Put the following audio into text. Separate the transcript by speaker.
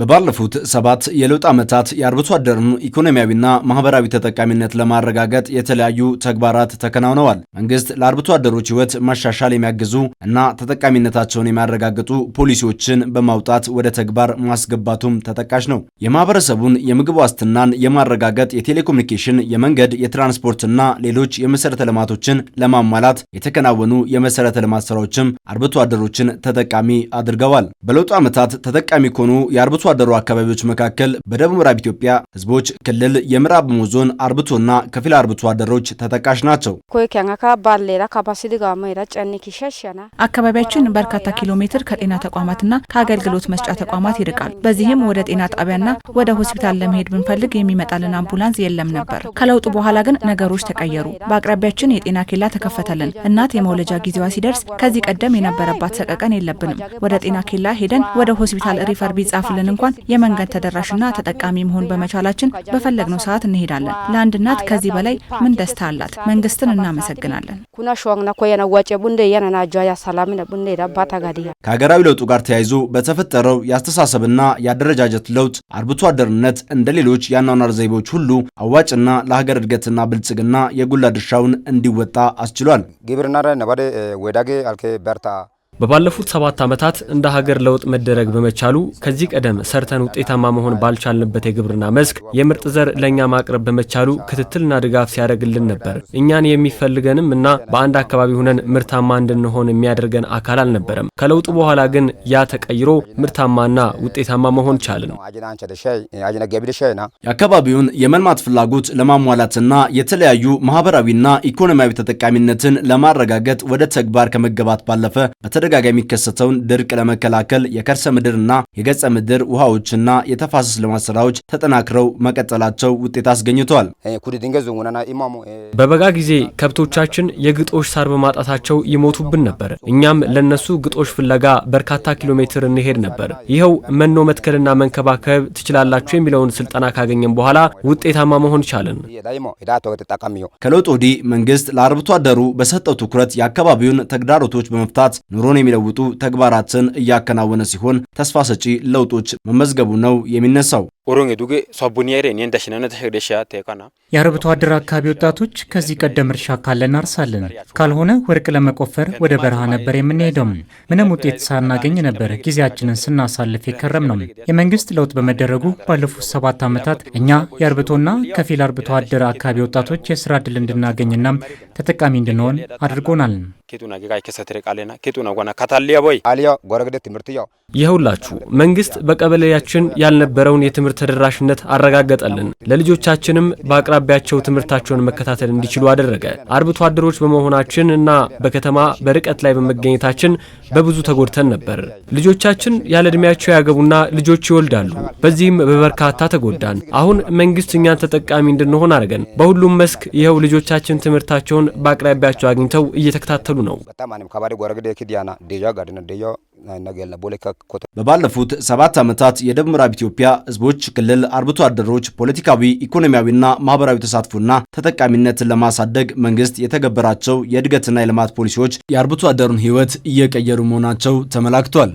Speaker 1: በባለፉት ሰባት የለውጥ ዓመታት የአርብቶ አደሩን ኢኮኖሚያዊና ማህበራዊ ተጠቃሚነት ለማረጋገጥ የተለያዩ ተግባራት ተከናውነዋል። መንግስት ለአርብቶ አደሮች ሕይወት መሻሻል የሚያግዙ እና ተጠቃሚነታቸውን የሚያረጋግጡ ፖሊሲዎችን በማውጣት ወደ ተግባር ማስገባቱም ተጠቃሽ ነው። የማህበረሰቡን የምግብ ዋስትናን የማረጋገጥ የቴሌኮሙኒኬሽን፣ የመንገድ፣ የትራንስፖርትና ሌሎች የመሠረተ ልማቶችን ለማሟላት የተከናወኑ የመሠረተ ልማት ስራዎችም አርብቶ አደሮችን ተጠቃሚ አድርገዋል። በለውጡ ዓመታት ተጠቃሚ ከሆኑ የአርብቶ አደሩ አካባቢዎች መካከል በደቡብ ምዕራብ ኢትዮጵያ ህዝቦች ክልል የምዕራብ ኦሞ ዞን አርብቶና ከፊል አርብቶ አደሮች ተጠቃሽ ናቸው።
Speaker 2: አካባቢያችን በርካታ ኪሎ ሜትር ከጤና ተቋማትና ከአገልግሎት መስጫ ተቋማት ይርቃል። በዚህም ወደ ጤና ጣቢያና ወደ ሆስፒታል ለመሄድ ብንፈልግ የሚመጣልን አምቡላንስ የለም ነበር። ከለውጡ በኋላ ግን ነገሮች ተቀየሩ። በአቅራቢያችን የጤና ኬላ ተከፈተልን። እናት የመውለጃ ጊዜዋ ሲደርስ ከዚህ ቀደም የነበረባት ሰቀቀን የለብንም። ወደ ጤና ኬላ ሄደን ወደ ሆስፒታል ሪፈር ቢጻፍልን እንኳን የመንገድ ተደራሽና ተጠቃሚ መሆን በመቻላችን በፈለግነው ሰዓት እንሄዳለን። ለአንድ እናት ከዚህ በላይ ምን ደስታ አላት? መንግስትን እናመሰግናለን።
Speaker 1: ከሀገራዊ ለውጡ ጋር ተያይዞ በተፈጠረው የአስተሳሰብና የአደረጃጀት ለውጥ አርብቶ አደርነት እንደ ሌሎች የአኗኗር ዘይቤዎች ሁሉ አዋጭና ለሀገር እድገትና ብልጽግና የጎላ ድርሻውን እንዲወጣ አስችሏል።
Speaker 3: ግብርና ወዳጌ በርታ
Speaker 1: በባለፉት ሰባት ዓመታት እንደ ሀገር ለውጥ መደረግ በመቻሉ ከዚህ ቀደም ሰርተን ውጤታማ መሆን ባልቻልንበት የግብርና መስክ የምርጥ ዘር ለእኛ ማቅረብ በመቻሉ ክትትልና ድጋፍ ሲያደርግልን ነበር። እኛን የሚፈልገንም እና በአንድ አካባቢ ሁነን ምርታማ እንድንሆን የሚያደርገን አካል አልነበረም። ከለውጡ በኋላ ግን ያ ተቀይሮ ምርታማና ውጤታማ መሆን ቻልን። የአካባቢውን የመልማት ፍላጎት ለማሟላትና የተለያዩ ማህበራዊና ኢኮኖሚያዊ ተጠቃሚነትን ለማረጋገጥ ወደ ተግባር ከመገባት ባለፈ በተደጋጋሚ የሚከሰተውን ድርቅ ለመከላከል የከርሰ ምድርና የገጸ ምድር ውሃዎችና የተፋሰስ ልማት ስራዎች ተጠናክረው መቀጠላቸው ውጤት አስገኝቷል። eh, eh, በበጋ ጊዜ ከብቶቻችን የግጦሽ ሳር በማጣታቸው ይሞቱብን ነበር። እኛም ለነሱ ግጦሽ ፍለጋ በርካታ ኪሎ ሜትር እንሄድ ነበር። ይኸው መኖ መትከልና መንከባከብ ትችላላችሁ የሚለውን ስልጠና ካገኘን በኋላ ውጤታማ መሆን ቻለን። eh, ከለውጥ ወዲህ መንግስት ለአርብቶ አደሩ በሰጠው ትኩረት የአካባቢውን ተግዳሮቶች በመፍታት ኑሮን የሚለውጡ ተግባራትን እያከናወነ ሲሆን ተስፋ ሰጪ ለውጦች መመዝገቡ ነው የሚነሳው። የአርብቶ አደር አካባቢ ወጣቶች ከዚህ ቀደም እርሻ ካለ አርሳለን፣ ካልሆነ ወርቅ ለመቆፈር ወደ በረሃ ነበር የምንሄደው። ምንም ውጤት ሳናገኝ ነበር ጊዜያችንን ስናሳልፍ የከረም ነው። የመንግስት ለውጥ በመደረጉ ባለፉት ሰባት ዓመታት እኛ የአርብቶና ከፊል አርብቶ አደር አካባቢ ወጣቶች የስራ እድል እንድናገኝና ተጠቃሚ እንድንሆን አድርጎናል። ይኸውላችሁ መንግስት በቀበሌያችን ያልነበረውን የትምህርት ተደራሽነት አረጋገጠልን። ለልጆቻችንም በአቅራቢያቸው ትምህርታቸውን መከታተል እንዲችሉ አደረገ። አርብቶ አደሮች በመሆናችን እና በከተማ በርቀት ላይ በመገኘታችን በብዙ ተጎድተን ነበር። ልጆቻችን ያለ ዕድሜያቸው ያገቡና ልጆች ይወልዳሉ። በዚህም በበርካታ ተጎዳን። አሁን መንግስት እኛን ተጠቃሚ እንድንሆን አድርገን በሁሉም መስክ ይኸው ልጆቻችን ትምህርታቸውን በአቅራቢያቸው አግኝተው እየተከታተሉ ነው። በባለፉት ሰባት ዓመታት የደቡብ ምዕራብ ኢትዮጵያ ህዝቦች ክልል አርብቶ አደሮች ፖለቲካዊ፣ ኢኮኖሚያዊና ማህበራዊ ተሳትፎና ተጠቃሚነትን ለማሳደግ መንግስት የተገበራቸው የእድገትና የልማት ፖሊሲዎች የአርብቶ አደሩን ህይወት እየቀየሩ መሆናቸው ተመላክቷል።